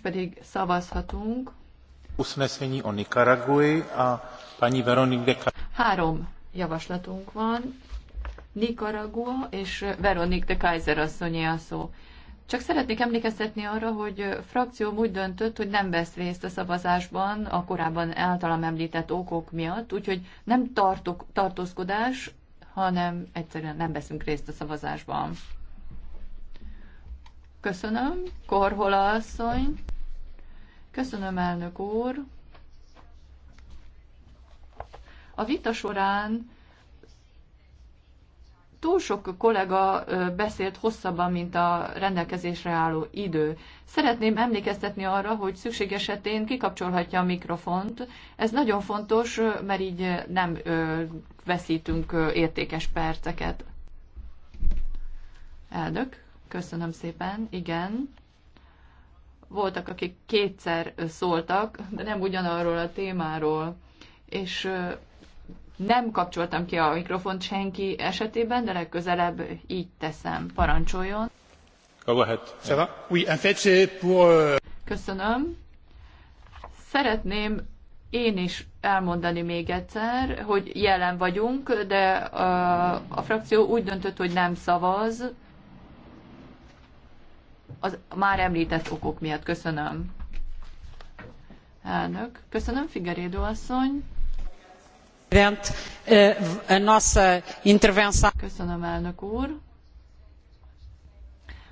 pedig szavazhatunk. a pani Veronika Három javaslatunk van. Nicaragua és Veronique de Kaiser asszonyé a szó. Csak szeretnék emlékeztetni arra, hogy frakció úgy döntött, hogy nem vesz részt a szavazásban a korábban általam említett okok miatt, úgyhogy nem tartok, tartózkodás, hanem egyszerűen nem veszünk részt a szavazásban. Köszönöm. Korhola asszony. Köszönöm, elnök úr. A vita során túl sok kollega beszélt hosszabban, mint a rendelkezésre álló idő. Szeretném emlékeztetni arra, hogy szükség esetén kikapcsolhatja a mikrofont. Ez nagyon fontos, mert így nem veszítünk értékes perceket. Elnök, köszönöm szépen, igen voltak, akik kétszer szóltak, de nem ugyanarról a témáról, és nem kapcsoltam ki a mikrofont senki esetében, de legközelebb így teszem. Parancsoljon. Euh, Köszönöm. Szeretném én is elmondani még egyszer, hogy jelen vagyunk, de a, a frakció úgy döntött, hogy nem szavaz, az már említett okok miatt. Köszönöm. Elnök. Köszönöm, Figerédő asszony. Eh, Köszönöm, elnök úr.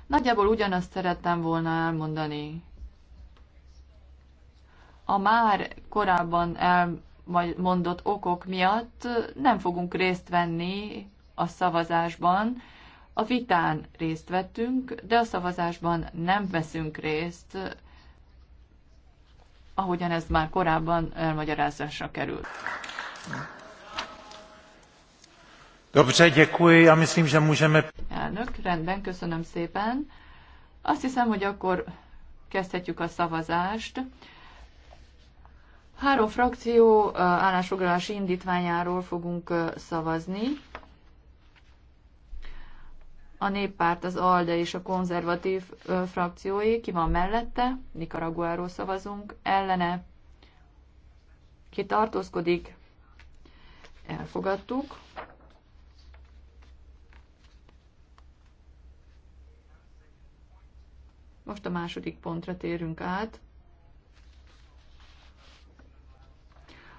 Nagyjából ugyanazt szerettem volna elmondani. A már korábban elmondott okok miatt nem fogunk részt venni a szavazásban, a vitán részt vettünk, de a szavazásban nem veszünk részt, ahogyan ez már korábban elmagyarázásra került. Dobře, děkuji. Já myslím, že můžeme... Elnök, rendben, köszönöm szépen. Azt hiszem, hogy akkor kezdhetjük a szavazást. Három frakció állásfoglalási indítványáról fogunk szavazni a néppárt, az ALDE és a konzervatív ö, frakciói, ki van mellette, Nicaraguáról szavazunk, ellene, ki tartózkodik, elfogadtuk. Most a második pontra térünk át.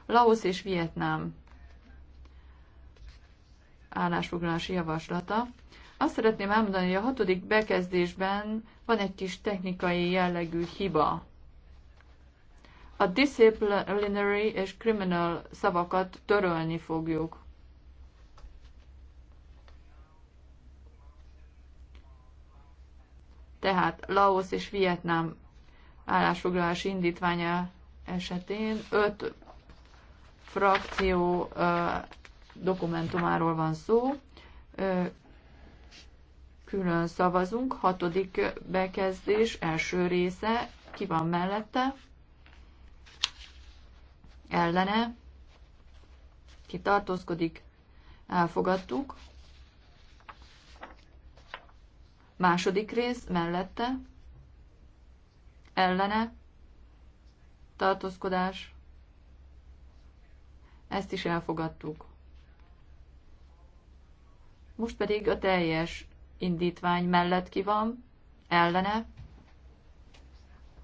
Laos és Vietnám állásfoglalási javaslata. Azt szeretném elmondani, hogy a hatodik bekezdésben van egy kis technikai jellegű hiba. A disciplinary és criminal szavakat törölni fogjuk. Tehát Laos és Vietnám állásfoglalási indítványa esetén öt frakció dokumentumáról van szó külön szavazunk, hatodik bekezdés, első része, ki van mellette, ellene, ki tartózkodik, elfogadtuk, második rész, mellette, ellene, tartózkodás, ezt is elfogadtuk. Most pedig a teljes indítvány mellett ki van, ellene,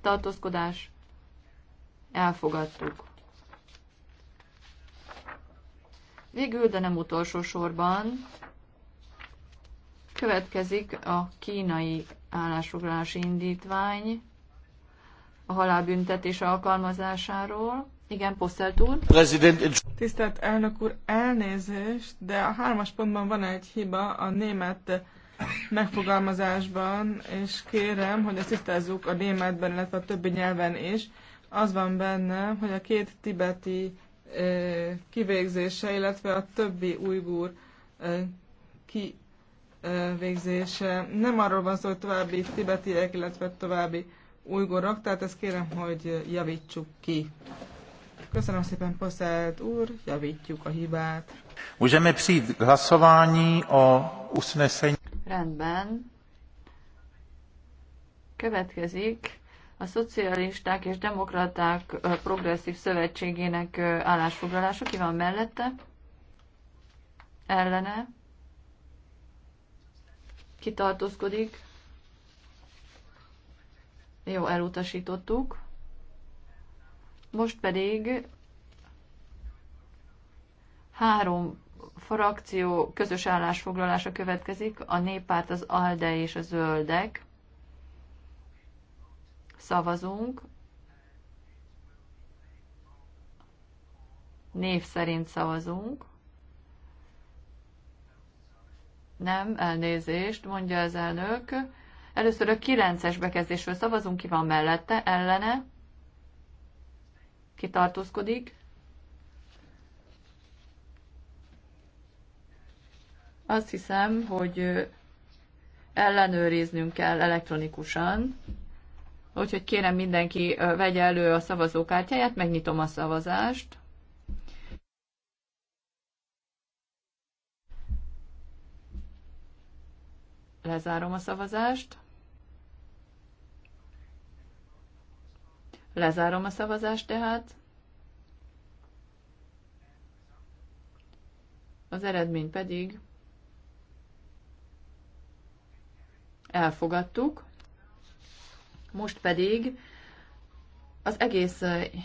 tartózkodás, elfogadtuk. Végül, de nem utolsó sorban, következik a kínai állásfoglalási indítvány a halálbüntetés alkalmazásáról. Igen, Posztelt úr. Tisztelt elnök úr, elnézést, de a hármas pontban van egy hiba, a német megfogalmazásban, és kérem, hogy ezt tisztázzuk a németben, illetve a többi nyelven is. Az van benne, hogy a két tibeti kivégzése, illetve a többi ujgur kivégzése. Nem arról van szó, hogy további tibetiek, illetve további ujgorok, tehát ezt kérem, hogy javítsuk ki. Köszönöm szépen, Poszelt úr, javítjuk a hibát. Můžeme přijít hlasování o usnesení. Rendben. Következik a Szocialisták és Demokraták Progresszív Szövetségének állásfoglalása. Ki van mellette? Ellene? Kitartózkodik? Jó, elutasítottuk. Most pedig három frakció közös állásfoglalása következik, a néppárt, az ALDE és a zöldek. Szavazunk. Név szerint szavazunk. Nem, elnézést, mondja az elnök. Először a 9-es bekezdésről szavazunk, ki van mellette, ellene, kitartózkodik, Azt hiszem, hogy ellenőriznünk kell elektronikusan, úgyhogy kérem mindenki vegye elő a szavazókártyáját, megnyitom a szavazást. Lezárom a szavazást. Lezárom a szavazást tehát. Az eredmény pedig elfogadtuk. Most pedig az egész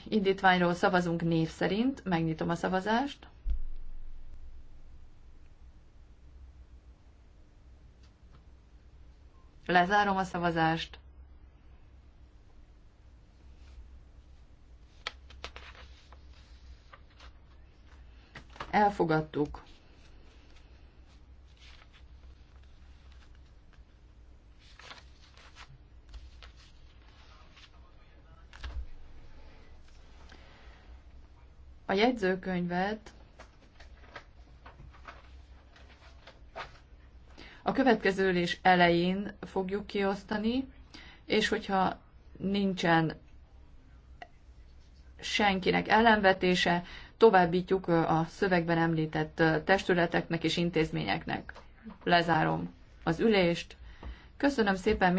indítványról szavazunk név szerint. Megnyitom a szavazást. Lezárom a szavazást. Elfogadtuk. A jegyzőkönyvet a következő ülés elején fogjuk kiosztani, és hogyha nincsen senkinek ellenvetése, továbbítjuk a szövegben említett testületeknek és intézményeknek. Lezárom az ülést. Köszönöm szépen